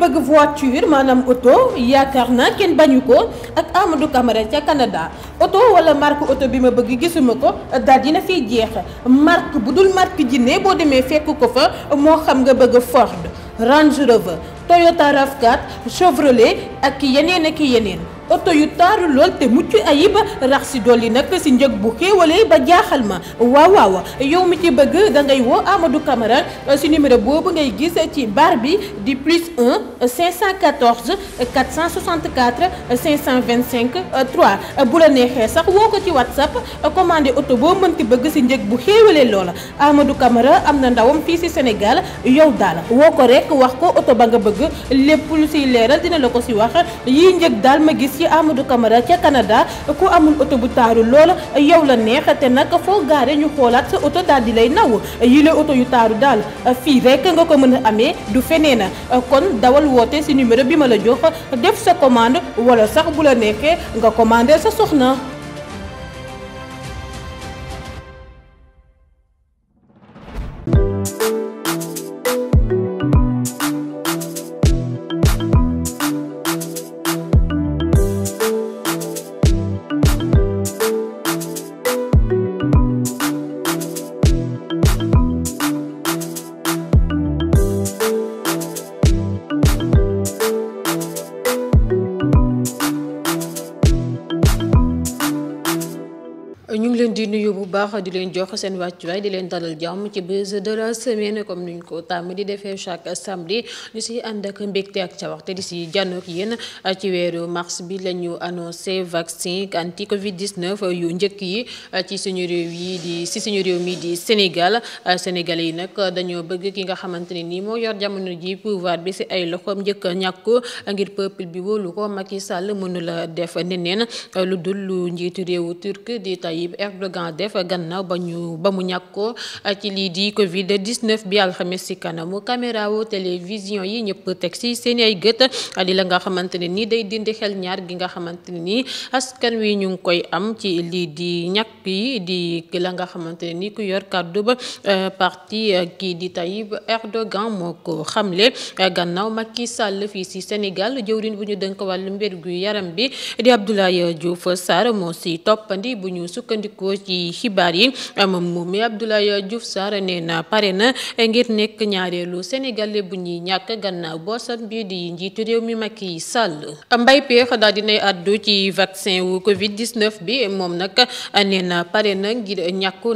bëgg voiture maanaam oto yaakaar naa kenn bañu ko ak Amadou Camara ca Canada oto wala marque oto bi ma bëgg gisuma ko daal dina fiy jeex marque bu dul marque jinne boo demee fekk ko fa moo xam nga bëgg Ford Range Rover Toyota RAV4 Chevrolet ak yeneen ak yeneen. oto yu taaru lool te mucc ayib rax si dolli nag si njëg bu xéewalee ba jaaxal ma waaw waaw yow mi ci bëgg da ngay woo Amadou Camara si numéro boobu ngay gis ci bar bi di plus 1 514 464 525 3 bu la neexee sax woo ko ci WhatsApp commandé oto boo mën mënti bëgg si njëg bu xéewalee lool Amadou Camara am na ndawam fii si Sénégal yow daal woo ko rek wax ko oto ba nga bëgg lépp lu leeral dina la ko si wax yii njëg daal ma gis ci Amadou Camara ca Canada ku amul oto bu taaru lool yow la neex te nag foo gaare ñu xoolaat sa oto daal di lay naw yile oto yu taaru daal fii rek nga ko mën a amee du feneen kon dawal woote ci numéro bi ma la jox def sa commande wala sax bu la neexee nga commandé sa soxna. di leen jox seen wàccuwaay di leen dalal jàmm ci bés de la semaine comme nuñ ko tàmm di defee chaque samedi ñu si ànd ak mbégte ak ca waxte di si jànnoog yéen ci weeru mars bi la ñu annoncé vaccin anti Covid yu njëkk yi ci suñu réew yi di si suñu réew mi di Sénégal sénégalais yi nag dañoo bëgg ki nga xamante ni nii moo yor jamono ji pouvoir bi si ay loxoom njëkk a ñàkku ngir peuple bi wóolu ko Macky Sall mënu la def neneen lu dul lu njiitu réewu turc di Tayyip na ba ñu ba mu ñàkk ah, ci lii di Covid 19 bi alxames ci kanamu caméra wu télévision yi ñëpp teg ci seen ay gët ah, di la nga xamante ne nii day dindi xel ñaar gi nga xamante ne nii askan wi ñu ngi koy am ci lii di ñàkk yi di la nga xamante ne nii ku yor kàddu ba eh, parti eh, kii di Tayyip Erdogan moo ko xamle eh, gannaaw Macky Sall fii si Sénégal jëwriñ bu ñu dënk wàllu mbir gu yaram bi di Abdoulaye Diouf Sarr moo ci toppandi bu ñu sukkandikoo ci xibaar yi moom moomii Abdoulaye Diouf Sarr nee na pare na ngir nekk ñaareelu sénégalais bu ñuy ñàkk gannaaw boosam bii di njiitu réew mi Macky Sall. Mbaye Pekh daal dinay àddu ci vaccin wu Covid 19 bi moom nag nee na pare na ngir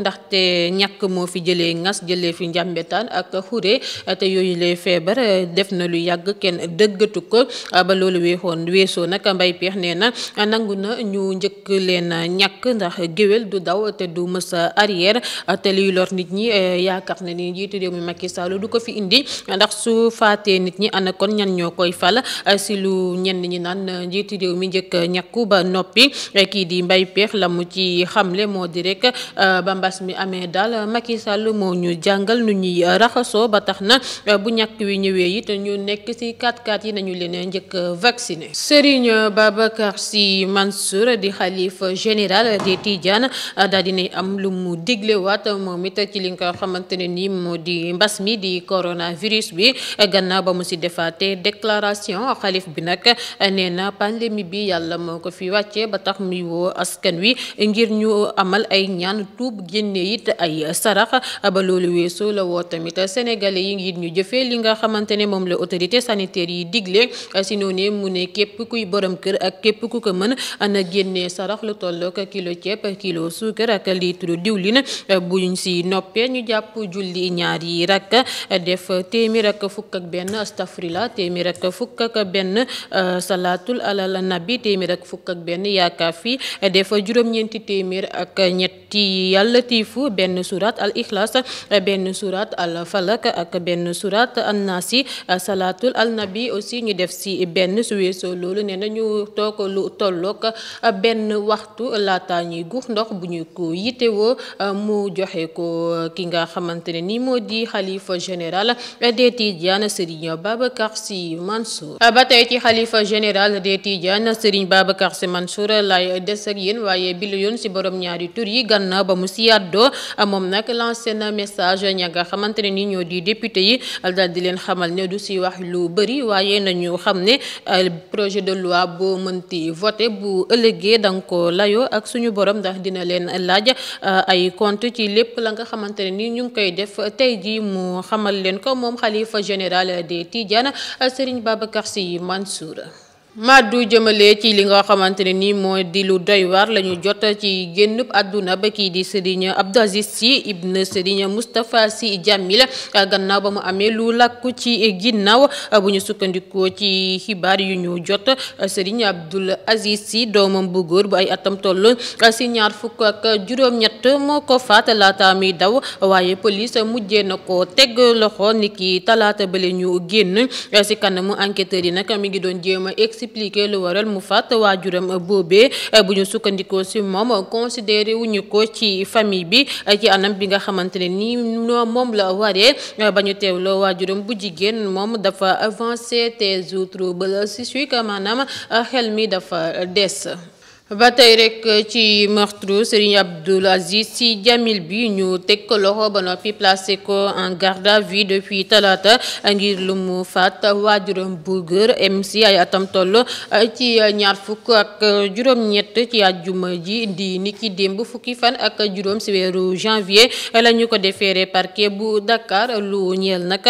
ndax te ñàkk moo fi jëlee ngas jëlee fi njàmbetaan ak xure te yooyu lay feebar def na lu yàgg kenn dëggatu ko ba loolu weexoon weesoo nag Mbaye Pekh nee na nangu na ñu njëkk leen ñàkk ndax géwél du daw te du mës arrière te liy lor nit ñi eh, yaakaar na ni njiitu réew mi Macky Sall du ko fi indi ndax su faatee nit ñi ana kon ñan ñoo koy fal eh, si lu ñenn ñi naan njiiti réew mi njëkk ñàkku ba noppi eh, kii di mbay peex la mu ci xamle moo di rek ba mbas mi amee daal Macky Sall moo ñu jàngal nu ñuy raxasoo ba tax na bu ñakk wi ñëwee it ñu nekk si 4 x yi nañu leen njëkk vacciné Serigne Babacar Sy Mansour di xalif général des Tidiane daal dinay am am lu mu diglewaat moom it ci li nga xamante ne nii moo di mbas mi di coronavirus bi gannaaw ba mu si defaatee déclaration xalif bi nag nee na pandémie bi yàlla moo ko fi wàccee ba tax muy woo askan wi ngir ñu amal ay ñaan tuub génne it ay sarax ba loolu weesu tamit sénégalais yi ngir ñu jëfee li nga xamante ne moom la autorité sanitaire yi digle si noonu mu ne képp kuy borom kër ak képp ku ko mën na génnee sarax lu tollook kilo ceeb kilo suukar ak liit litre diwlin eh, bu ñu si noppee ñu jàpp julli ñaari rakk eh, def téeméer ak fukk ak benn astafurlah téeméer ak fukk ak benn eh, salaatul alal nabi téeméer fukk ak benn yaakaafi def juróom-ñeenti téeméer ak ñetti yàlla tiifu benn surat al ixlaas benn suraat al falak ak benn surat an naasi salaatul al nabi aussi ñu def si benn su weesoo loolu nee na ñu toog lu tolloog benn waxtu laata ñuy guux ndox bu ñu ko yite vidéo euh, mu joxe ko euh, ki nga xamante ne ni moo di xalifa général des Tidianes Serigne Babacar Sy Mansour euh, ba tey ci xalifa général des Tidianes baba Babacar Sy Mansour lay des ak yéen waaye bi la yoon si borom ñaari tur yi gannaaw ba mu si yàddoo moom nag lancé na message ña nga xamante ne ni ñoo di député yi daal leen xamal ne du si wax lu bëri waaye nañu xam ne projet de loi boo mënti voté bu ëllëgee danga ko layoo ak suñu borom ndax dina leen laaj Euh, ay compte ci lépp la nga xamante ne ni ñu ngi koy def tey jii mu xamal leen ko moom xalifa général des Tidiane Serigne Babacar Sy Mansour maddu jëmale ci li nga xamante ne ni mooy di lu doy waar la ñu jot ci génn àdduna ba kii di Serigne Abdou Aziz Sy ibn Serigne Moustapha Sy Djamil gannaaw ba mu amee lu làkku ci ginnaaw bu ñu sukkandikoo ci xibaar yu ñu jot Serigne Abdou Aziz si doomam bu góor bu ay atam toll si ñaar fukk ak juróom-ñett moo ko faat laata muy daw waaye police mujjee na ko teg loxo niki talaata bale ñu génn si kanamu enquêteur yi nag mi ngi doon jéem expliqué lu waral mu fàtte waajuram boobee bu ñu sukkandiku ci moom considéré wuñu ko ci famille bi ci anam bi nga xamante ne nii moom la waree ba ñu teewloo waajuram bu jigéen moom dafa avancé tes autres ba la si maanaam xel mi dafa des. ba tey rek ci meurtre Serigne Abdoul Aziz Sy Jamil bi ñu teg ko loxo ba noppi placé ko en garde à vue depuis talaata ngir lu mu faat waajuram bu góor MC ay atam toll ci ñaar fukk ak juróom-ñett ci àjjuma ji di niki démb fukki fan ak juróom si weeru janvier la ñu ko defeere parquet bu Dakar lu ñeel nag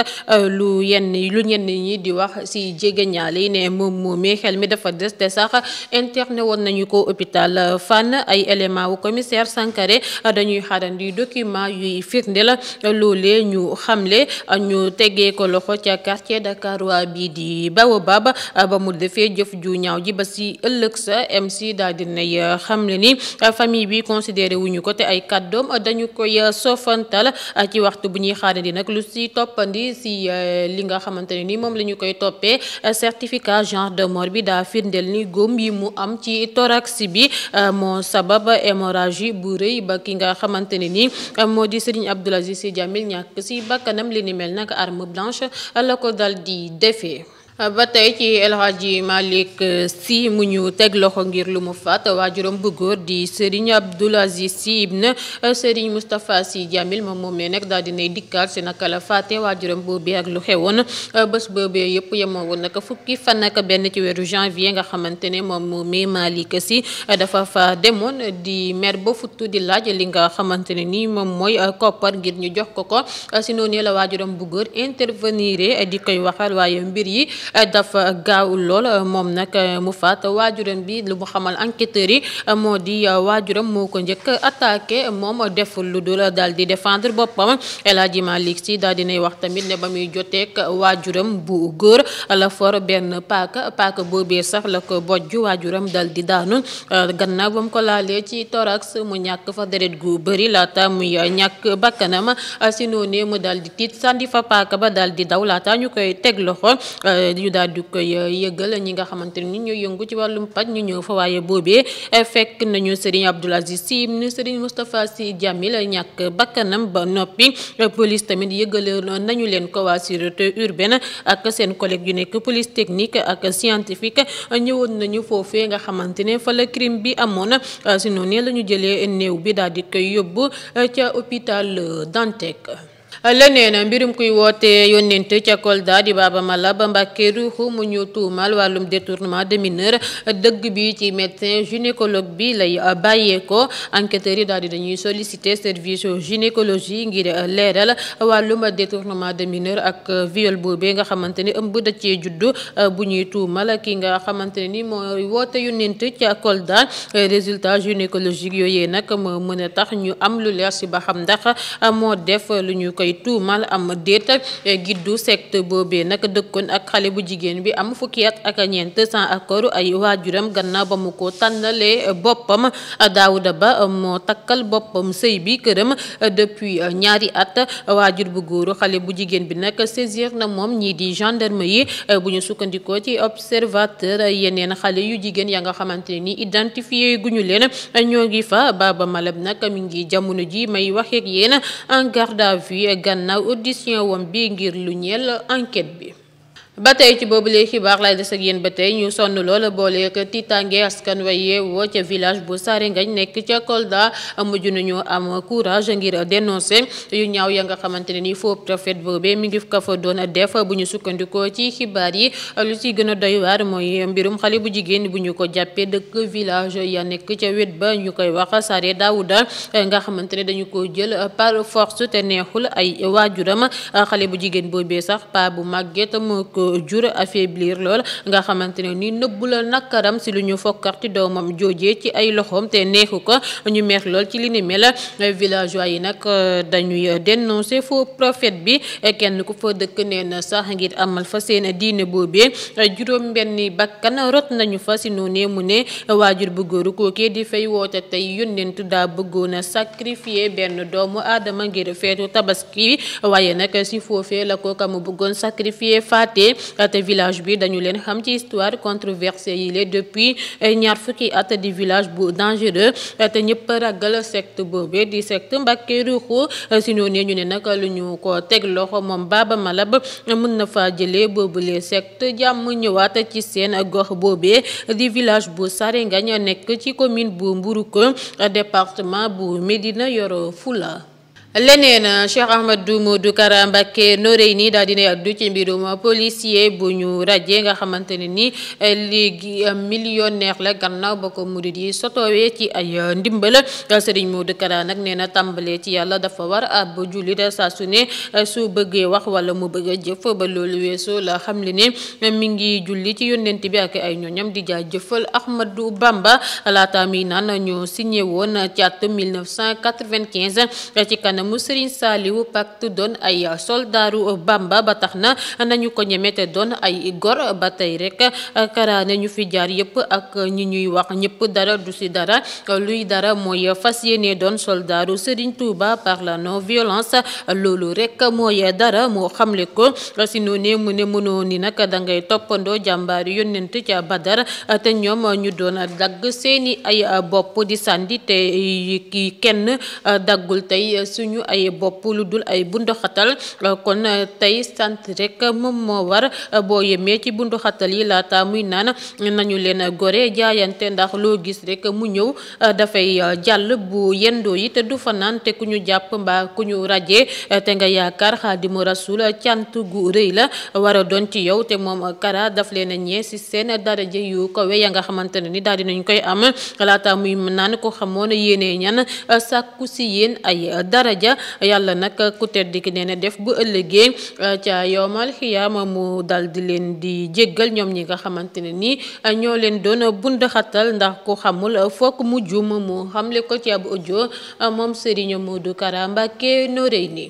lu yenn lu ñenn ñi di wax si jege ñaale yi ne moom moomee xel mi dafa des te sax interne woon nañu ko. hôpital euh, Fann ay élément wu commissaire Sankharé euh, dañuy xaarandi document yuy firnde la euh, loolee ñu xamle ñu tegee ko loxo ca quartier Dakar waa bii di Baobab ba mu defee jëf ju ñaaw ji ba si ëllëg sa MC daal dinay xamle ni famille bi considéré wuñu ko te ay kàddoom dañu koy sofantal ci waxtu bu ñuy xaarandi nag lu si toppandi si li nga xamante ni moom la koy toppee certificat genre de bi daa firndeel ni góom yi mu am ci thorax tabaski bi euh, moo sabab hémorragie bu rëy ba ki nga xamante ne nii euh, moo di Serigne Abdoul Aziz Sy Djamil si bakkanam li ni mel nag arme blanche la ko dal defee ba tey ci El Hadji Malick Sy mu ñu teg loxo ngir lu mu faat waajuram bu góor di Serigne Abdoul Aziz Sy ibn Serigne Moustapha Sy Djamil moom moom ne nag daal dinay dikkaat si naka la faate waajuram boobee ak lu xewoon bés boobee yëpp yemoo woon naka fukki fan ak benn ci weeru janvier nga xamante ne moom moomee Malick Sy dafa fa demoon di mer ba futtu di laaj li nga xamante ne nii moom mooy koppar ngir ñu jox ko ko si noonu la waajuram bu góor intervenir di koy waxal waaye mbir yi Eh, dafa gaaw lool eh, moom nag eh, mu faat waajuram bi lu mu xamal enquêteurs yi moo di waajuram moo ko njëkk attaqué moom deful lu dul daal di défendre boppam El Hadji Malick Sy daal dinay wax tamit ne ba muy joteek waajuram bu góor la for benn paaka paaka boobee sax la ko bojj waajuram dal di daanu gannaaw ba mu ko laalee ci thorax mu ñàkk fa deret gu bëri laata muy ñàkk bakkanam si noonee mu dal di tiit sànni fa paaka ba dal di daw laata ñu koy teg loxo ñu daal di koy euh, yëgal ñi nga xamante ni ñooy yëngu ci wàllum paj ñu ñëw fa waaye boobee euh, fekk nañu Serigne Abdoul Aziz Sy Serigne Moustapha Sy Djamil ñàkk bakkanam ba noppi euh, police tamit yëgal nañu leen ko waa sûreté urbaine ak seen collègue yu nekk police technique ak scientifique ñëwoon nañu foofee nga xamante fa la crime bi amoon si noonu la ñu jëlee néew bi daal di koy yóbbu ca hôpital Dantec leneen mbirum kuy woote yónnent ca Kolda di Baba Mala Mbacké Ruuxu mu ñu tuumal wàllum détournement de mineur dëgg bi ci médecin gynécologue bi lay bàyyee ko enquêteurs yi daal di dañuy solliciter service gynécologie ngir leeral wàllum détournement de mineur ak viol boobee nga xamante ni ëmb cee juddu bu ñuy tuumal ki nga xamante ni mooy woote yónnent ca Kolda résultat gynécologique yooyee nag moo mën a tax ñu am lu leer si ba xam ndax moo def lu ñu koy koy tuumal am déet giddu secte boobee nag dëkkoon ak xale bu jigéen bi am fukki at ak ñeent sans accord ay waajuram gannaaw ba mu ko tànnalee boppam Daouda Ba moo takkal boppam sëy bi këram depuis ñaari at waajur bu góor xale bu jigéen bi nag saisir na moom ñii di gendarme yi bu sukkandikoo ci observateur yeneen xale yu jigéen ya nga xamante ni identifié guñu leen ñoo ngi fa Baba Malab nag mi ngi jamono ji may waxeek yéen en garde à vue gannaaw audition wam bi ngir lu ñeel enquête bi ba tey ci boobu lee xibaar lay des ak yéen ba tey ñu sonn lool booleek tiitange askan wa yeewoo ca village bu Sarengagne nekk ca Kolda mujj nañu am courage ngir dénoncer yu ñaaw ya nga xamante ne ni faux prophète boobee mu ngi ko fa doon def bu ñu sukkandikoo ci xibaar yi lu ci gën a doy waar mooy mbirum xale bu jigéen bu ñu ko jàppee dëkk village ya nekk ca wet ba ñu koy wax Sare Daouda nga xamante ne dañu ko jël par force te neexul ay waajuram xale bu jigéen sax pa bu ko jur affaiblir lool xamante ne ni nëbbu la nakaram si lu ñu fokkarti doomam joojee ci ay loxoom te neexu ko ñu meex lool ci li ni mel yi nag euh, dañuy dénoncer faux prophète bi kenn ku fa dëkk nee na sax ngir amal fa seen diine boobee juróom benni bakkan rot nañu fa si noonee mu ne waajur bu góoru kookee di fay woote tey yónnent daa bëggoon a sacrifier benn doomu aadama ngir feetu tabaski waaye nag si foofee la kooka mu bëggoon sacrifier faatee Mbacké village bi dañu leen xam ci histoire controversée yi le depuis eh, ñaar fukki at di village bu dangereux eh, te ñëpp ragal secte boobee di secte Mbacké Ruuxu eh, si noonu ñu ne nag lu ñu ko teg loxo moom Baba Malab mën na fa jëlee boobule secte jàmm ñëwaat ci seen gox boobee di village bu Sarengagne nekk ci commune bu Mburuko département bu Médina Yoro Foulah leneen Cheikh Ahmadou Modou Kara Mbacké noorey nii daal dina yàddu ci mbirum policier bu ñu rajee nga xamante ne ni léegi millionnaire la gannaaw ba ko murid yi sotoowee ci ay ndimbal Serigne Modou Kara nag nee na tàmbalee ci yàlla dafa war ab jullit saa su ne su bëggee wax wala mu bëgg a jëf ba loolu weesoo la xam li ne mu ngi julli ci yónnent bi ak ay ñoñam di jaajëfal jëfal Bamba laata mi naan ñu signé woon càtt 1995 ci kanam kanamu Serigne Saliou Pacte doon ay soldaaru Bamba ba tax na nañu ko ñeme te doon ay gor ba tey rek karaane ñu fi jaar yëpp ak ñi ñuy wax ñëpp dara du si dara luy dara mooy fas yéene doon soldaaru Serigne Touba par la non violence loolu rek mooy dara moo xamle ko si noonee mu ne mënoo ni nag dangay toppandoo jàmbaar yónnent ca Badar te ñoom ñu doon dagg seeni ay bopp di sàndi te kenn daggul tey suñu ay bopp lu dul ay bunduxatal kon tey sant rek moom moo war boo yemee ci bunduxatal yi laata muy naan nañu leen gore jaayante ndax loo gis rek mu ñëw dafay jàll bu yendoo yi te du fanaan te ku ñu jàpp mbaa ku ñu rajee te nga yaakaar xaadimu rasul cant gu rëy la war doon ci yow te moom kara daf leen a ñee seen daraja yu kowe ya nga xamante ni daal dinañ koy am laata muy naan ko xamoon yéene ñan sàkku si yéen ay daraja ja yàlla nag ku tedd ki nee def bu ëllëgee euh, ca yowmal xiyaama mu dal di leen di jéggal ñoom ñi nga xamante ne nii euh, ñoo leen doon bundaxatal ndax ku xamul euh, fokk mu juum mu xam ko ci ab audio moom Serigne Modou Kara Mbacké Noreyni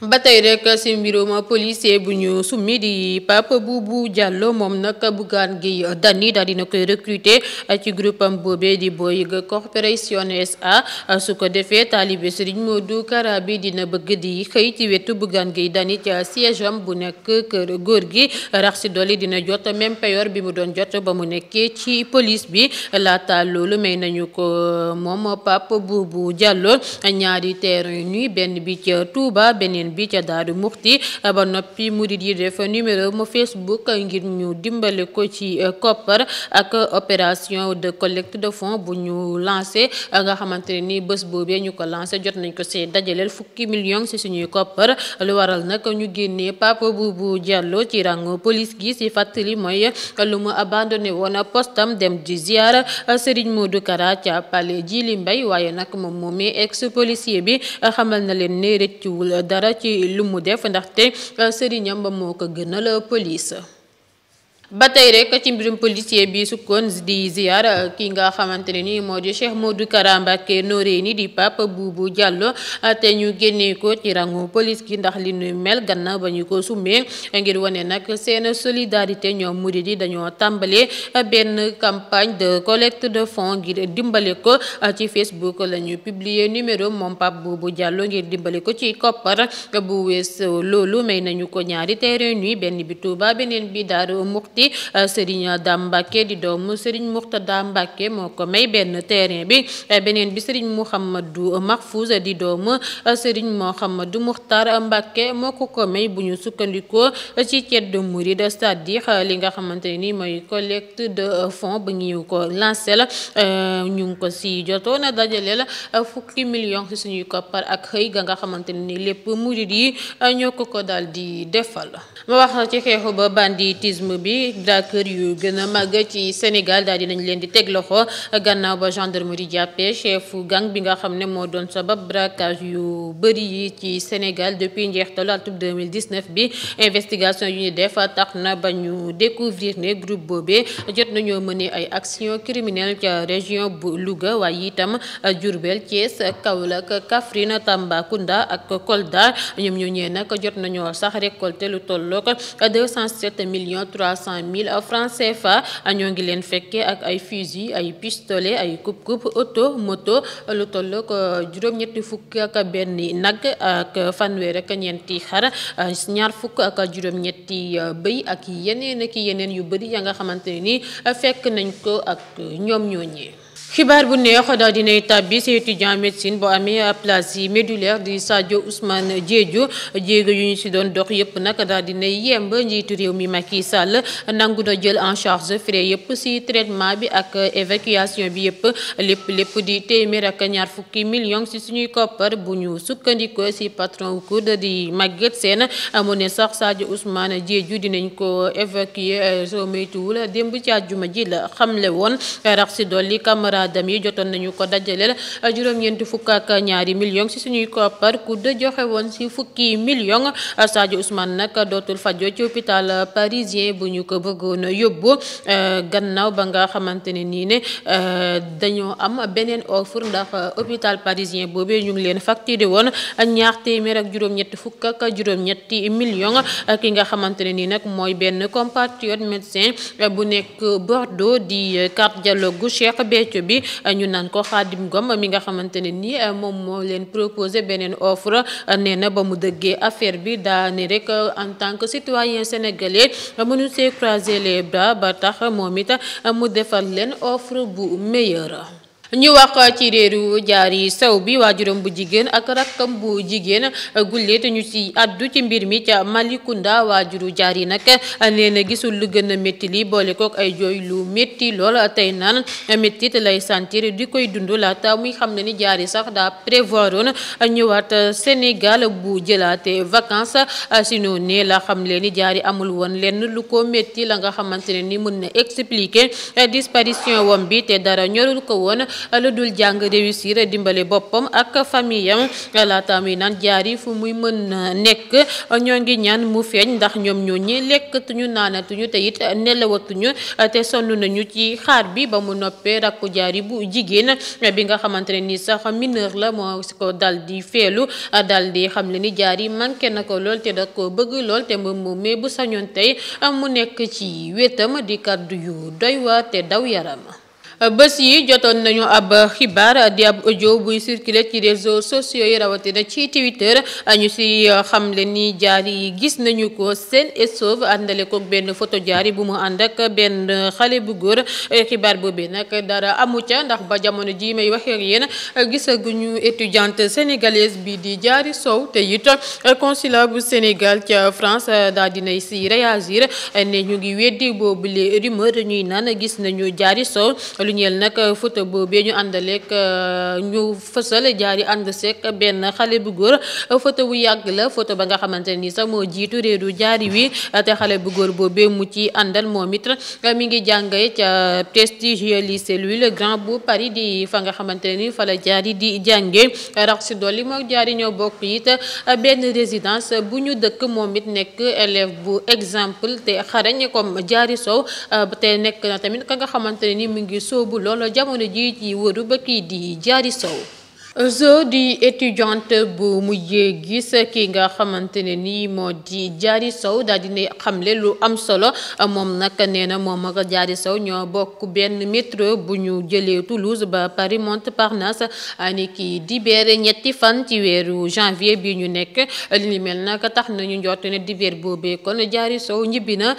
ba tey rek si mbirum policier bu ñu summi di Pape Boubou Diallo moom nag Bougane gi Dany daal dina koy recruter ci groupe am boobee di Boeing Corporation SA su ko defee taalibe Serigne Modou Kara bi dina bëgg di xëy ci wetu Bougane Gueye Dany ci siège am bu nekk kër góor gi rax si dolli dina jot même payoor bi mu doon jot ba mu nekkee ci police bi laata loolu may nañu ko moom Pape Boubou Diallo ñaari terrain nuy benn bi ca Touba beneen bi ca Daaru Muxti ba noppi murid yi def numéro mu Facebook ngir ñu dimbale ko ci eh, koppar ak opération de collecte de fonds bu ñu lancé eh, nga xamante ne ni bés boobee ñu ko lancé jot nañ ko see dajaleel fukki million si suñuy koppar lu waral nag ñu génnee Papa bu Diallo ci rang police gi ci fàttali mooy lu mu abandonné woon postam dem di ziar eh, Serigne Modou Kara ca Palais Djily Mbaye waaye nag moom moomee ex policier bi xamal na leen rëccuwul ci lu mu def ndaxte euh, sëriñam ba moo ko gënal police ba tey rek ci mbirum policier bi sukkoon di ziar uh, ki nga xamante ne ni moo di Cheikh Modou Kara Mbacké Noreyni di Pape Boubou Diallo uh, te ñu génnee ko ci rangu police gi ndax li nu mel gannaaw ba ñu ko summee uh, ngir wane nag seen solidarité ñoom murid yi dañoo tàmbale benn campagne de collecte de fonds ngir dimbale ko ci Facebook la ñu publier numéro moom Pape Boubou Diallo ngir dimbale ko ci koppar bu wees loolu may nañu ko ñaari terrain yi benn bi Touba beneen gi euh, Serigne Dame Mbacke di doomu Serigne Mourtada Mbacke moo ko may benn terrain bi euh, beneen bi Serigne Mouhamadou Mahfouz di doomu euh, Serigne Mouhamadou Moukhtar Mbacke moo ko ko may bu ñu sukkandikoo ci ceddu murid c'est-à-dire li nga xamante ni mooy collecte de fonds bu ñu ko lancé la ñu ko si jotoon a dajale la fukki million ci suñuy koppar ak xëy ga nga xamante ni lépp murid yi ñoo ko ko dal di defal ma wax ci xeexu ba banditisme bi braqueur yu gën a màgg ci Sénégal daal dinañ leen di teg loxo gannaaw ba gendarmerie jàppee chef gang bi nga xam ne moo doon sabab braquage yu bari yi ci Sénégal depuis njeextalu atub 2019 bi investigation yu ñu def tax na ba ñu découvrir ne groupe boobee jot nañoo mëne ay action criminelle ca région bu Louga waaye itam Diourbel Thiès Kaolack Kaffrine Tambacounda ak Kolda ñoom ñoo ñee jot nañoo sax récolté lu tollook 207 cent mille francs CFA ñoo ngi leen fekke ak ay fusil ay pistolet ay coupe-coupe auto moto lu toll ko euh, juróom-ñetti fukk ak benn nag ak fanweer ak ñeenti xar ñaar fukk ak juróom-ñetti euh, bëy ak yeneen ak yeneen yu bëri ya nga xamante ni fekk nañ ko ak ñoom ñooñee xibaar bu neex daal dinay tàbbi si étudiant médecine boo amee place yi médulaire di Sadio Ousmane Diédhiou jéego yu ñu si doon dox yëpp nag daal dinay yemb njiitu réew mi Macky Sall nangu na jël en charge frais yëpp si traitement bi ak évacuation bi yëpp lépp lépp di téeméer ak ñaar fukki millions si suñuy koppar bu ñu sukkandikoo si patron COUD di Maguette Sène amoon ne sax Sadio Ousmane Diédhiou dinañ ko évacuer soo moytuwul démb ci àjjuma ji la xamle woon rax stade yi jotoon nañu ko dajaleel eh, juróom-ñeenti fukk ak ñaari millions ci suñuy koppar ku de joxe woon ci fukki millions eh, Sadio Ousmane nag dootul fajoo ci hôpital parisien bu ñu ko bëggoon yóbbu eh, gannaaw ba nga xamante ne nii ne dañoo am beneen offre ndax hôpital parisien boobee ñu ngi leen facturé woon ñaar téeméer ak juróom-ñetti fukk ak juróom-ñetti millions ki nga xamante nii nag mooy benn compatriote médecin bu nekk Bordeaux di cardiologue Cheikh Béthio bi gi ñu naan ko Khadim Gom mi nga xamante ne ni moom moo leen proposé beneen offre nee na ba mu dëggee affaire bi daa ne rek en tant que citoyen sénégalais mënu see croiser les bras ba tax moom it mu defar leen offre bu meilleure ñu wax ci réeru jaari sew bi waajuram bu jigéen ak rakkam bu jigéen gulleet ñu ci addu ci mbir mi ca Malikunda waajuru jaari nag nee gisul lu gën a métti li boole kook ay jooy lu métti lool tey naan méttit lay sentir di koy dund laata muy xam ne ni jaari sax daa prévoiroon ñëwaat Sénégal bu jëlaate vacance si noonu ne la xam leen ni jaari amul woon lenn lu ko métti la nga xamante ne ni mën na expliquer disparition wom bi te dara ñorul ko woon lu dul jàng réussir dimbale boppam ak famiyam laata muy naan jaari fu muy mën nekk ñoo ngi ñaan mu feeñ ndax ñoom ñoo ñi lekkatuñu naanatuñu te it nelawatuñu te sonn nañu ci xaar bi ba mu noppee rakku jaari bu jigéen bi nga xamante ne ni sax mineur la moo si ko dal di feelu dal di xam le ni jaari manqué na ko lool te da ko bëgg lool te moom moomee bu sañoon tey mu nekk ci wetam di kàddu yu doy waar te daw yaram Euh, bés yi jotoon nañu ab xibaar di ab audio buy circulé ci réseaux sociaux yi rawatina ci Twitter añu si euh, xamle ni jaar yi gis nañu ko seen et àndale ko benn photo jaar bu mu ànd ak benn xale bu góor euh, xibaar boobee nag dara amu ca ndax ba jamono ji may waxee ak yéen gisaguñu étudiante sénégalaise bi di jaari Sow te it consulat bu Sénégal ca France daa dinay si réagir ne ñu ngi weddi boobu les rumeurs ñuy naan gis nañu jaari Sow lu ñeel nag euh, photo boobee ñu àndaleeg euh, ñu fësal jaar yi ànd seeg benn xale bu góor euh, photo bu yàgg la photo ba nga xamante ni sax moo jiitu réeru jaari wi te xale bu góor boobee mu ci àndal moom it mi ngi jàngee ca prestigieux lycée Louis le Grand bu Paris di fa nga xamante ni fa la jaari di jàngee rax si dolli mook jaari ñoo bokk it benn résidence bu ñu dëkk moom it nekk élève bu exemple te xarañ comme jaari sow te nekk na tamit ka nga xamante ni bu loola jamono ji ci wëru ba di jaari Sow zo di étudiante bu mujjee sa ki nga xamante ne nii moo di Diary Sow daal dina xamle lu am solo moom nag nee na moom ak jaari Sow ñoo bokk benn métro bu ñu jëlee Toulouse ba Paris Montparnasse ni ki dibeer ñetti fan ci weeru janvier bi ñu nekk li mel nag tax nañu njort ne dibeer boobee kon Diary Sow ñibbi na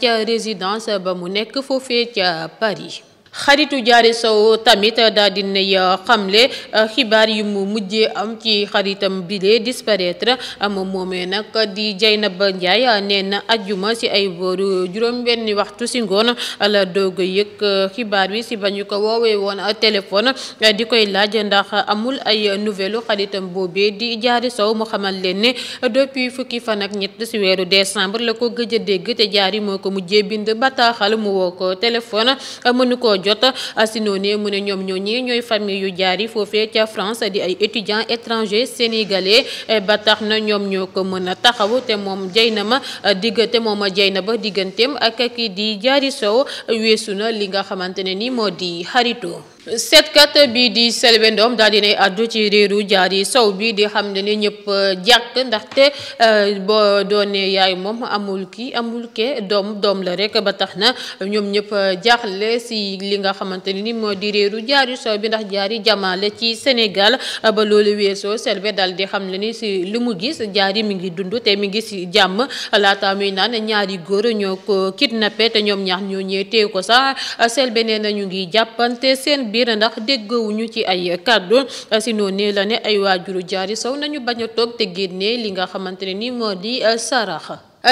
ca résidence ba mu nekk foofee ca Paris xaritu jaari sow tamit daal dinay euh, xamle euh, xibaar yi mu mujjee am ci xaritam bile disparaître euh, moom moomee nag di jay Jaynaba Ndiaye nee na ajjuma si ay booru juróom-benni waxtu si ngoon la doog yëg xibaar bi si bañu ko woowee woon téléphone di koy laaj ndax amul ay nouvelle xaritam boobee di jaari sow mu xamal leen ne depuis fukki fan ak ñett si weeru décembre la ko gëj a dégg te jaari moo ko mujjee bind bataaxal mu woo ko téléphone mënu ko jot ah, si noonee mu ne ñoom ñoo ñi ñooy famille yu jaari foofee ca France di ay étudiants étrangers sénégalais eh, ba tax na ñoom ñoo ko mën a taxaw te moom jay na ma ah, diggante moom ma jay na ba digganteem ak kii di jaari sow weesu na li nga xamante ne ni moo di xaritoo seetkat bii di Selbé Ndom daal dinay àddu ci réeru Diary Sow bi di xam ne ni ñëpp euh, jàkk ndaxte euh, boo doonee yaay moom amul kii amul kee doom doom la rek ba tax na ñoom ñëpp euh, jaaxle si li nga xamante ne ni moo di réeru Diary Sow bi ndax Diary jamaale ci Sénégal ba loolu weesoo daal di xam ne ni si li mu gis Diary mi ngi dund te mi ngi si jàmm laata muy naan ñaari góor ñoo ko kidnappé te ñoom ñaar ñoo ñëwee ko sax Selbé nee na ñu ngi jàppante seen biir ndax déggowuñu ci ay kàddu si ne la ne ay waajuru jaar yi sow nañu bañ a toog te génne li nga xamante ne ni moo di sarax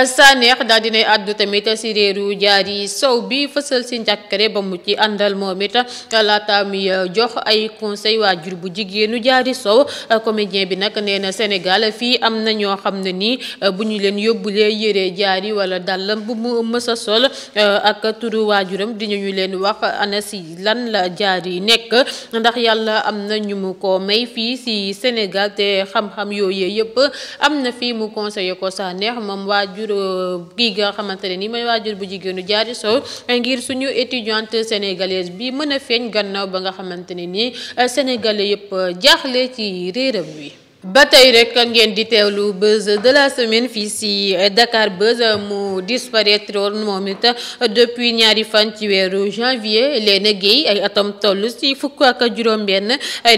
Sanex daal dinay àddu tamit si réeru jaar yi sow bi fësal si njàkkare ba mu ci àndal moom it laata muy jox ay conseil waajur bu jigéenu jaari sow comédien bi nag nee na Sénégal fii am na ñoo xam ne nii bu ñu leen yóbbulee yére jaari wala dàllam bu mu mësa a sol ak turu waajuram ñu leen wax ana si lan la jaari nekk ndax yàlla am na ñu mu ko may fii si Sénégal te xam-xam yooyee yëpp am na fii mu conseillé ko Sanex moom waajur waajur kii nga xamante ne nii mooy waajur bu jigéenu Diary Sow ngir suñu étudiante sénégalaise bi mën a feeñ gannaaw ba nga xamante ne nii sénégalais yëpp jaaxle ci réeram wi ba tey rek ngeen di teelu buzz de la semaine fii si Dakar buzz mu disparaître moom it depuis ñaari fan ci weeru janvier Léna Guèye ay atam toll ci fukk ak juróom-benn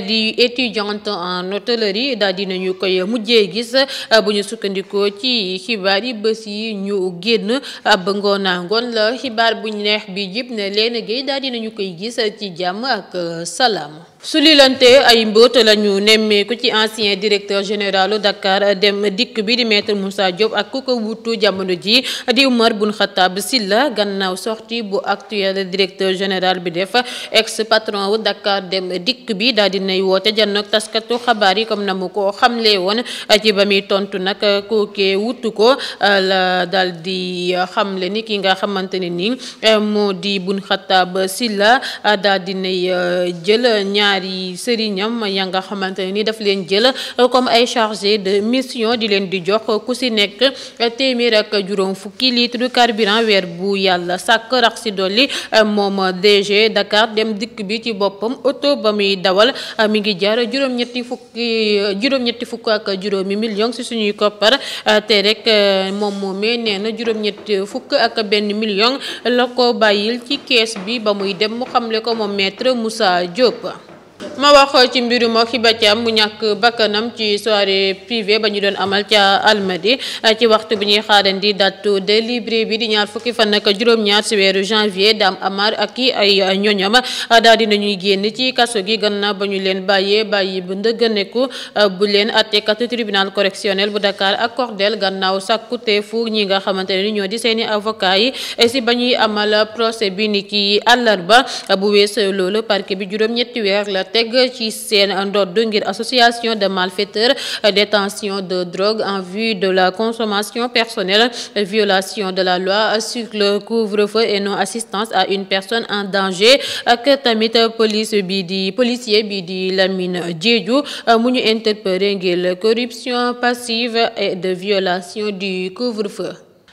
di étudiante en hôtellerie daal dinañu koy mujjee gis bu ñu sukkandikoo ci xibaar yi bës yi ñu génn ab ngoonaa ngoon la xibaar bu neex bi jib ne Léna Guèye daal nañu koy gis ci jàmm ak salaam. su lilante ay mbóot lañu nemmeeku ci ancien directeur général Dakar dem dikk bi di maître Moussa Diop ak ku ko wutu jamono ji di Oumar Boun Khattab Silla gannaaw sortie bu actuel directeur général bi def ex patron wu Dakar dem dikk bi daal di nay woote jannoog taskatu xabaar yi comme na mu ko xamle woon ci ba muy tontu nag kookee wutu ko la dal di xamle ni ki nga xamante ne ni eh, moo di Boun Khattab Silla daal nay eh, jël ñaari sëriñam ya nga xamante ni daf leen jël euh, comme ay chargé de mission di leen di jox ku si nekk euh, téeméer ak juróom fukki litre du carburant weer bu yàlla sàkk rax si dolli euh, moom DG Dakar dem dikk bi ci boppam oto ba muy dawal mi ngi jar juróom-ñetti juróom-ñetti fukk ak juróomi million si suñuy koppar te rek moom moomee nee na juróom-ñetti fukk ak benn million la ko bàyyil ci kees bi ba muy dem mu xamle ko moom maître Moussa Diop ma wax ci mbirum Hiba Thiam bu ñàkk bakkanam ci soirée privée ba ñu doon amal ca di ci waxtu bi ñuy xaarandi datu délibéré bi di ñaar fukki fan ak juróom-ñaar si weeru janvier Dame Amar ak i ay ñoñam daal dinañuy génn ci kaso gi gannaaw ba ñu leen bàyyee bàyyi bu ndëgganeku bu leen attekatu tribunal correctionnel bu Dakar ak Cordel gannaaw sàkkute fu ñi nga xamante ne ñoo di seeni avocat yi si ba ñuy amal procès bi ni ki àllarba bu weesoo loolu parquet bi juróom weer teg ci seen ndodd ngir association de malfaiteurs détention de drogue en vue de la consommation personnelle violation de la loi sur le couvre-feu et non assistance à une personne en danger ak tamit police bi di policier bi di Lamine Diédhiou mu ñu interpellé ngir corruption passive et de violation du couvre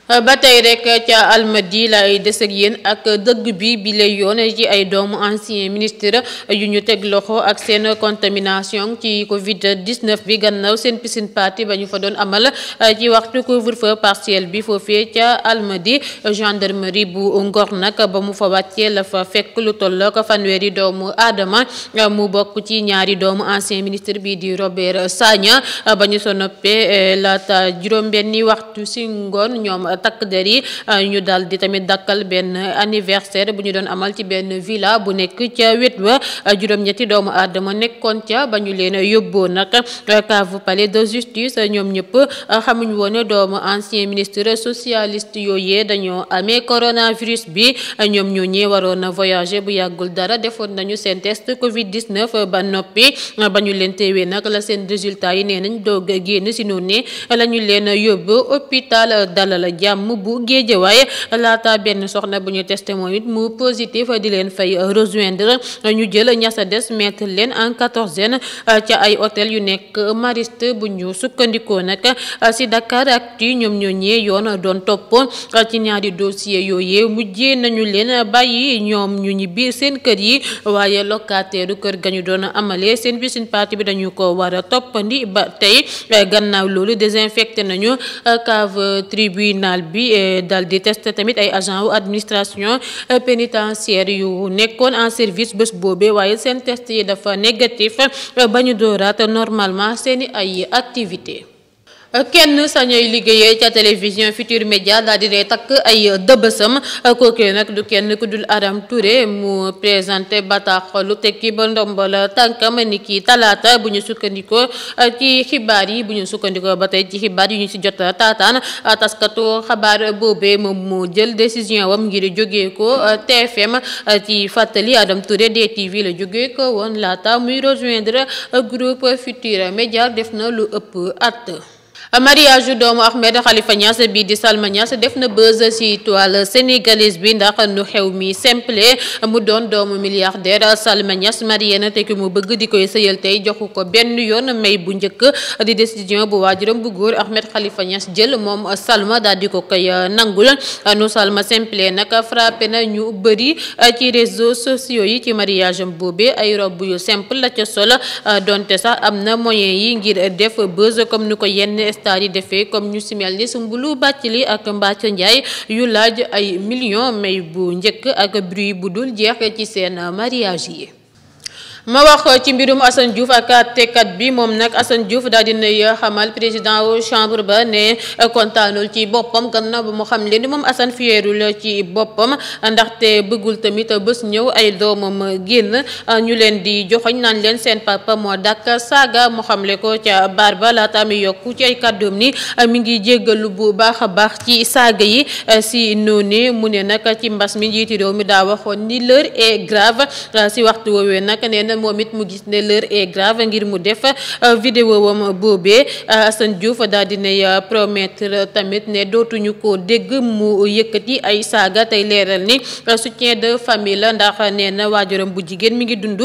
ba tey rek ca almadi lay des ak yéen ak dëgg bi bi lay yoon ci ay doomu ancien ministre yu ñu teg loxo ak seen contamination ci Covid 19 bi gannaaw seen piscine party ba ñu fa doon amal ci waxtu couvre-feu partiel bi foofee ca almadi gendarmerie bu Ngor nag ba mu fa wàccee la fa fekk lu tollook fanweeri doomu aadama mu bokk ci ñaari doomu ancien ministre bi di Robert Sagna ba ñu so noppee eh, laata juróom-benni waxtu si ngoon ñoom. takk der yi euh, ñu daal di tamit dakkal benn anniversaire bu ñu doon amal ci benn villa bu nekk ca wet wa euh, juróom-ñetti doomu aadama nekkoon ca ba ñu leen yóbboo nag euh, cave palais de justice ñoom ñëpp xamuñ woon doomu ancien ministre socialiste yooyee dañoo amee coronavirus bi ñoom ñoo ñee waroon a voyager bu yàggul dara defoon nañu seen test covid 19 ba noppi ba ñu leen teewee la seen résultat yi ne la ñu leen yóbbu hôpital Dalal jàmm bu géejewaay laata benn soxna bu ñu testé moom it mu positif di leen fay rejoindre ñu jël ñasa des mettre leen en quatorzaine ca ay hôtel yu nekk Mariste bu ñu sukkandikoo nag si Dakar ak ci ñoom ñoo ñee yoon doon topp ci ñaari dossier yooyee mujjee nañu leen bàyyi ñoom ñu ñibbi seen kër yi waaye locataire kër ga doon amalee seen piscine party bi dañu ko war toppandi ba tey gannaaw loolu désinfecté nañu cave tribunal tribunal bi eh, dal di test tamit ay agent wu administration eh, pénitentiaire yu nekkoon en service bés boobee waaye seen test yi dafa négatif eh, ba ñu dooraat normalement seeni ay activité kenn sañoy liggéeyee ca télévision Futur Média daal di lay takk ay dëbësam kookee nag du kenn ku dul Adam Touré mu présente présenté bataaxalu tekki ba ndombal tànkam ni ki talaata bu ñu sukkandikoo ci xibaar yi bu ñu sukkandikoo ba tey ci xibaar yi ñu si jot taataan taskatu xabaar boobee moom mu jël décision wam ngir jógee ko TFM ci fàttali Adam Touré DTV la jógee ko woon laata muy rejoindre groupe Futur Média def na lu ëpp at. mariage yu doomu Ahmed Khalifa Niass bii di Salma Niass def na buzz ci toile sénégalaise bi ndax nu xew mi simple mu doon doomu milliardaire Salma Niass marié na te ki mu bëgg di koy sëyal tey joxu ko benn yoon may bu njëkk di décision bu waajuram bu góor Ahmed Khalifa Niass jël moom Salma daal di ko koy nangul nu Salma simple nag frappé na ñu bëri ci réseaux sociaux yi ci mariage am boobee ay robe yu simple la ca solo donte sax am na moyen yi ngir def buzz comme des yi defee comme ñu si mel ni Soumboulou ak mbacc Ndiaye yu laaj ay millions may bu njëkk ak bruit bu dul jeex ci seen mariage yi. ma wax ci mbirum Assane Diouf ak tekkat bi moom nag Assane Diouf daal dinay xamal président wu chambre ba ne kontaanul ci boppam gannaaw ba mu xam leen moom Assane fiyeerul ci boppam ndaxte bëggul tamit a bés ñëw ay doomam génn ñu leen di joxoñ naan leen seen papa moo dàkk saaga mu xamle ko ca baar ba laata mi yokku ci ay kàddoom ni mi ngi jéggalu bu baax a baax ci saaga yi si noonu mu ne nag ci mbas mi njiiti réew mi daa waxoon ni l'heure est grave si waxtu na moom it mu gis ne l'heure est grave ngir mu def euh, vidéo wam boobee euh, Assane Diouf daal dinay euh, tamit ne dootuñu ko dégg mu yëkkati ay saaga tey leeral ni soutien de famille la ndax nee na waajuram bu jigéen mi ngi dund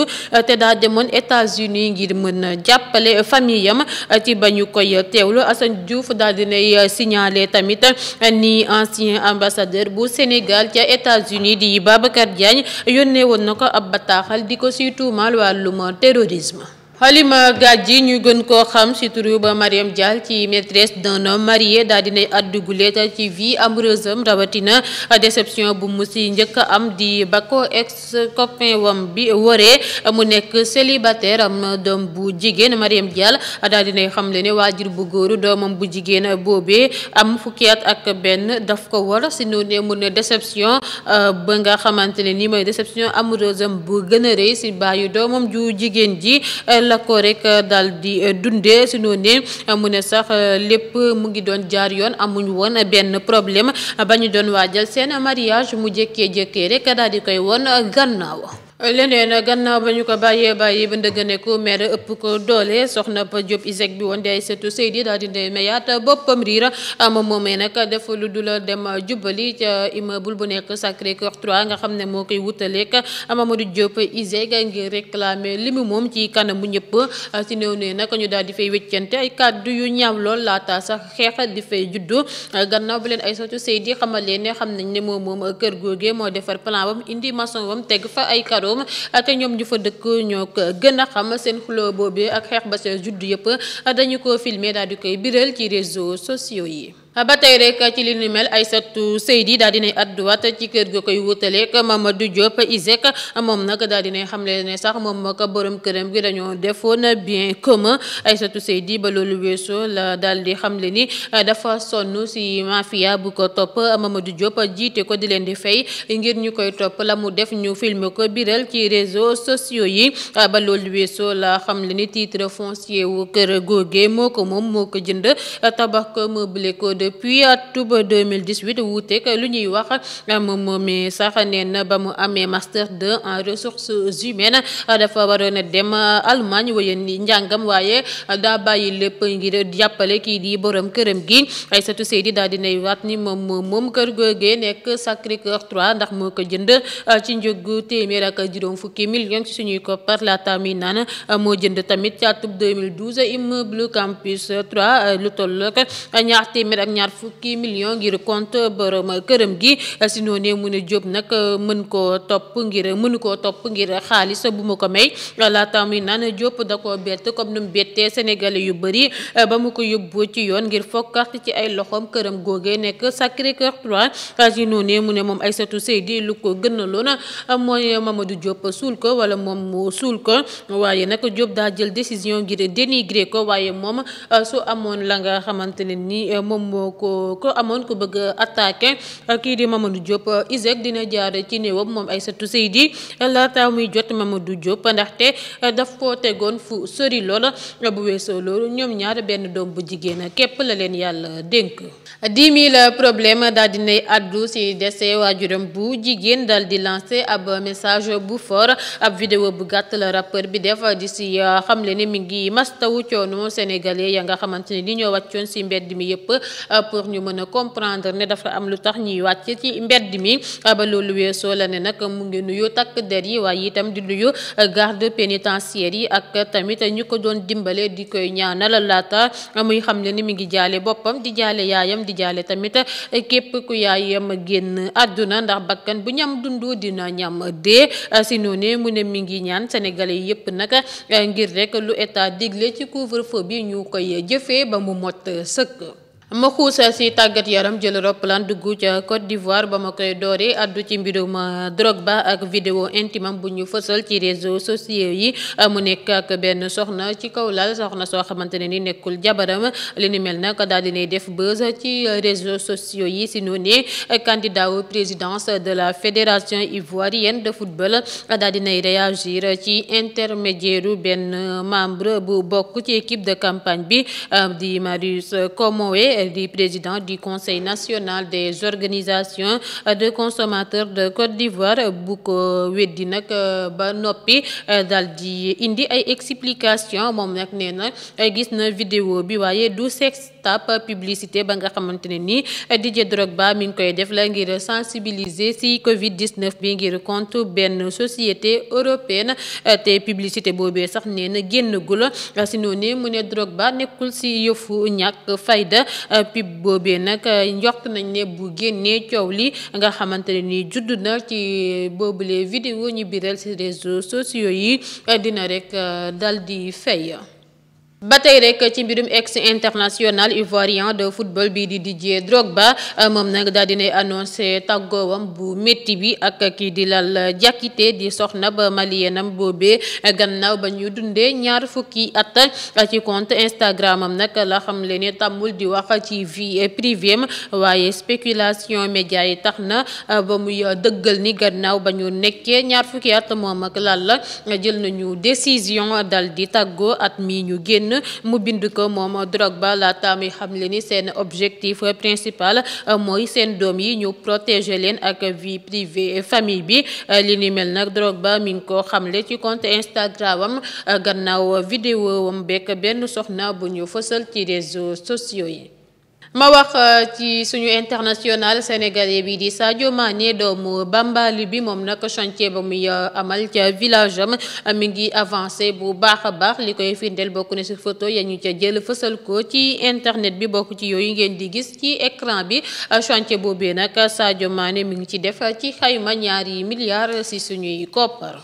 te daa demoon États-Unis ngir mën a jàppale famille yam ci ba ñu koy teewlu Assane Diouf daal dinay signaler tamit ni ancien ambassadeur bu Sénégal ca États-Unis di Babacar Diagne yónnee woon na ko ab bataaxal di ko siy tuumaal wàllum terrorisme Halima Gadji ñu gën koo xam ci turu ba Mariam Dial ci maîtresse d'un homme marié daal dinay àddu guléeta ci vie amoureuse am rawatina déception bu mu ci njëkk am di ba ko ex copain wam bi waree mu nekk célibataire am doom bu jigéen Mariam Dial daal xam xamle ne waajur bu góoru doomam bu jigéen boobee am fukkiat ak benn daf ko war ci noonu mu ne déception euh, ba nga xamante ne ni mooy déception amoureuse bu gën a ci baayu doomam ju jigéen ji euh, la ko rek euh, daal di euh, dundee si noonu euh, mu ne sax lépp mu ngi doon jaar yoon amuñu woon benn problème ba ñu doon waajal seen mariage mu jékkee jékkee rek daal di koy woon gannaaw. leneen gannaaw ba ñu ko bàyyee bàyyi ba ndëgëneku mer ëpp ko doole soxna Pa Diop ISEG bi woon di ay setu Seydi daal di ndey meyaat boppam riira ah, moom moomee nag def lu a dem jubbali ca immeuble bu nekk Sacré-Cœur nga xam ne moo koy wutaleek Mamadou Diop ISEG ngir réclamer li mu moom ci kanamu ñëpp a ah, néew ne nag ñu daal di fay wéccante ay kàddu yu ñaaw lool laata sax xeex di fay juddu ah, gannaaw ba leen ay setu Seydi xamal leen xam nañ ne moom moom kër googee moo defar plan wam indi maçon wam teg fa ay kado Saloum te ñoom ju fa dëkk ñoo ko gën a xam seen xuloo boobu ak xeex ba sa judd yëpp dañu ko filmer daal di koy biral ci réseaux sociaux yi. Ah, ba tey rek ci li nu mel Aïssatou Seydi daa dinay adduwaat ci kër ga koy wutaleek Mamadou Diop ISEC moom nag daa dinay xamle ne sax moom ko boroom këram gi dañoo defoon bien commun Aïssatou Seydi ba loolu weesoo la daal di xamle ni ah, dafa sonn si mafia bu ko topp Mamadou Diop jiite ko di leen di fay ngir ñu koy topp mu def ñu filmer ko biral ci réseaux sociaux yi ah, ba loolu weesoo la xamle ni titre foncier wu kër googe moo ko moom moo ko jënd tabax ko meublé ko depuis atub 2018 wuuteeg lu ñuy wax moom moom sax nee na ba mu amee master de en ressources humaines dafa waroon a dem Allemagne wéyeen njàngam waaye daa bàyyi lépp ngir jàppale kii di boroom këram gi Aïssatou Seydi daal dinay waat ni moom moom kër googee nekk Sacré-Cœur 3 ndax moo ko jënd ci njëgu téeméer ak juróom fukki million ci suñuy koppar laata mi naan moo jënd tamit ci atub 2012 immeuble campus 3 lu toll ak ñaar téeméer ak ñaar fukki million ngir compte borom këram gi si noonee mu ne Diop nag euh, mën koo topp ngir koo topp ngir xaalis bu ma ko may laata muy naan Diop da koo bett comme nu mu bettee sénégalais yu bëri euh, ba mu ko yóbbu ci yoon ngir fokkart ci ay loxoom këram googee nekk Sacré-Cœur 3 euh, si mu ne moom Aïssatou Seydi lu ko gënaloon mooy Mamadou Diop suul ko wala moom mu suul ko daa jël décision ngir dénigrer ko waaye moom su amoon la nga xamante ne moom moo ko ko amoon ko bëgg a attaqué euh, kii di Mamadou Diop euh, ISEG dina jaar ci néewam moom Aïssatou Seydi laata muy jot Mamadou Diop ndaxte euh, daf ko tegoon fu sori lool bu weesoo loolu ñoom ñaar benn doom bu jigéen képp la leen yàlla dénk. 10 000 problème daal nay addu si dese waajuram bu jigéen dal di lancé ab message bu for ab video bu gàtt la rappeur bi def di si xamle ne mi ngi mastawu coono sénégalais ya nga xamante ne li ñoo wàccoon si mbedd mi yëpp apour euh, ñu mën a comprendre ne dafa am lu tax ñuy wàcc ci mbedd mi euh, ba loolu weesoo la ne nag mu ngi nuyu takk der yi waaye itam di nuyu euh, garde pénitentiaire yi ak tamit ñu ko doon dimbale di koy ñaanal laata muy xam ne ni mi ngi jaale boppam di jaale yaayam di jaale tamit képp ku yaayam génn àdduna ndax bakkan bu ñam dundu dina ñam dee si noonu mu ne mi ngi ñaan sénégalais yépp nag ngir rek lu état digle ci couvre-feu bi ñu koy jëfee ba mu mot sëkk ma xuusa si tàggat yaram jël roppalaan dugg ca Côte d'Ivoire ba ma koy doore addu ci mbirum euh, ba ak vidéo intime bu ñu fësal ci réseaux sociaux yi euh, mu nekk ak benn soxna ci kaw laal soxna soo xamante ne ni nekkul jabaram li ni mel nag daal nay def buzz ci euh, réseaux sociaux yi si noonee candidat présidence de la fédération ivoirienne de football daal dinay réagir ci intermédiaire benn membre bu bokk ci équipe de campagne bi di Marius Komoé du président du Conseil national des organisations de consommateurs de Côte d'Ivoire bu ko weddi nag euh, ba noppi euh, dal di indi ay explication moom nag nee na euh, gis na vidéo bi waaye du sexe stop publicité ba nga xamante ne nii Didier Drogba mi ngi koy def la ngir sensibiliser ci Covid 19 bi ngir compte benn société européenne te publicité boobee sax nee na génnagul si noonu mu ne Drogba nekkul si yëfu ñàkk fayda pub boobee nag njox nañ ne bu génnee coow li nga xamante ne nii judd na ci boobule vidéo ñu biral si réseaux sociaux yi dina rek euh, dal di fay. ba tey ci mbirum ex international ivoirien de football bii di Didier ba euh, moom nag daal dinay annoncé tàggoowam bu métti bi ak kii di Lal Diakité di soxna ba maliyenam boobe euh, gannaaw ba ñu dundee ñaar fukki at euh, ci compte Instagram nag la xam le ne tàmmul di wax ci vie privée waaye spéculation média yi tax na ba muy dëggal ni gannaaw ba ñu nekkee ñaar fukki at moom ak Lal jël nañu décision dal di tàggoo at mi ñu génn mu bind ko moom Drogba laata muy xamle ni seen objectif principal euh, mooy seen doom yi ñu protéger leen ak vie privée famille bi euh, li ni mel nag Drogba mi ngi ko xamle ci compte Instagram euh, gannaaw vidéo am bekk benn soxna bu ñu fësal ci réseaux sociaux yi. ma wax euh, ci suñu international sénégalais bii di Sadio Mané doomu Bambali bi moom nag chantier ba muy euh, amal ca village am euh, mi ngi avancé bu baax a baax li koy firndeel bokk na si photo ya ñu ca jël fësal ko ci internet bi bokk ci yooyu ngeen di gis ci écran bi chantier boobee nag Sadio Mané mi ngi ci def ci xayma ñaari milliards si suñuy koppar.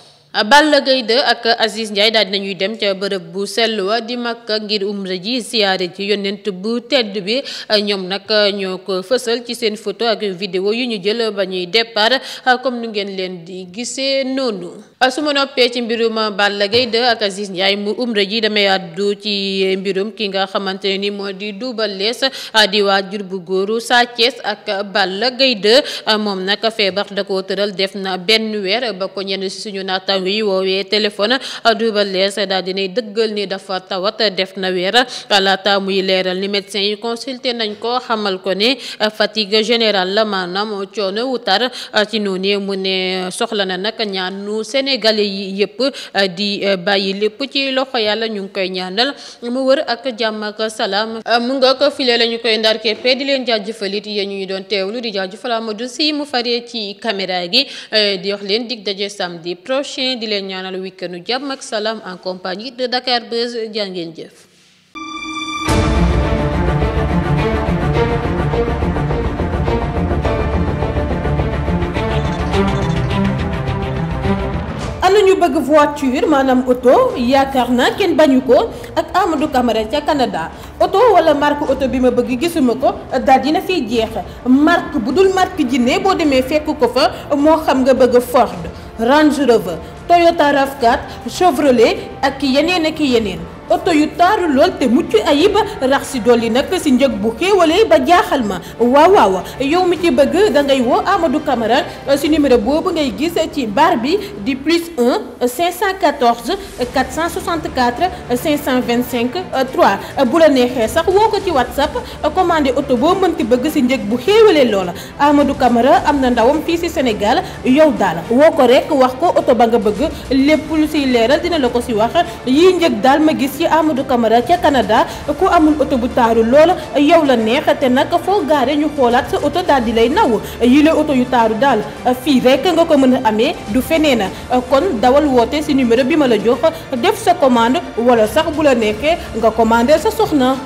Balla Gaye 2 ak Aziz Ndiaye daal dinañuy dem ca bërëb bu sell wa di Makka ngir umra ji siyaare ci yonent bu tedd bi ñoom nag ñoo ko fësal ci seen photo ak vidéo yu ñu jël ba ñuy départ comme nu ngeen leen di gisee noonu su ma noppee ci mbirum Balla Gaye 2 ak Aziz Ndiaye mu umra ji damay àddu ci mbirum ki nga xamante ne ni moo di Double sa di waajur bu góoru Sa ak Balla Gaye 2 moom nag feebar da ko tëral def na benn weer ba ko ñenn suñu ñuy woowee téléphone ah, Double Less daal dinay dëggal ni dafa tawat def na weer laata muy leeral ni médecin yi consulté nañ ko xamal ko ne ah, fatigue générale la maanaam coono wu tar ah, ci noonu mu ne soxla na nag ñaanu sénégalais yi yëpp di bàyyi lépp ci loxo yàlla ñu ngi koy ñaanal mu wër ak jàmm ak salaam mu nga ko filee la koy ndar di leen jaajëfalit yéen ñu doon teewlu di jaajëfal Amadou si mu faree ci caméra gi di wax leen dig daje yi di leen ñaanal week-end u jàmm ak salaam ñu bëgg voiture maanaam oto yaakaar naa kenn bañu ko ak Amadou Camara ca Canada oto wala marque oto bi ma bëgg gisuma ko daal dina fiy jeex marque bu dul jinne boo demee fekk ko fa moo xam nga bëgg Ford Range Rover Toyota RAV4 Chevrolet ak yeneen ak yeneen. oto yu taaru lool te mucc ayib rax si dolli nag si njëg bu xéewalee ba jaaxal ma waaw yow mi ci bëgg da ngay woo Amadou Camara si numéro boobu ngay gis ci bar bi di plus 1 514 464 525 3 bu la neexee sax woo ko ci WhatsApp commandé oto boo mën mënti bëgg si njëg bu xéewalee loola Amadou Camara am na ndawam fii si Sénégal yow daal woo ko rek wax ko oto ba nga bëgg lépp lu leeral dina la ko si wax yii njëg daal ma gis. Monsieur Amadou Camara ca Canada ku amul oto bu taaru lool yow la neex te nag foo gaare ñu xoolaat sa oto daal di lay naw yile oto yu taaru daal fii rek nga ko mën a amee du feneen kon dawal woote ci numéro bi ma la jox def sa commande wala sax bu la neexee nga commandé sa soxna.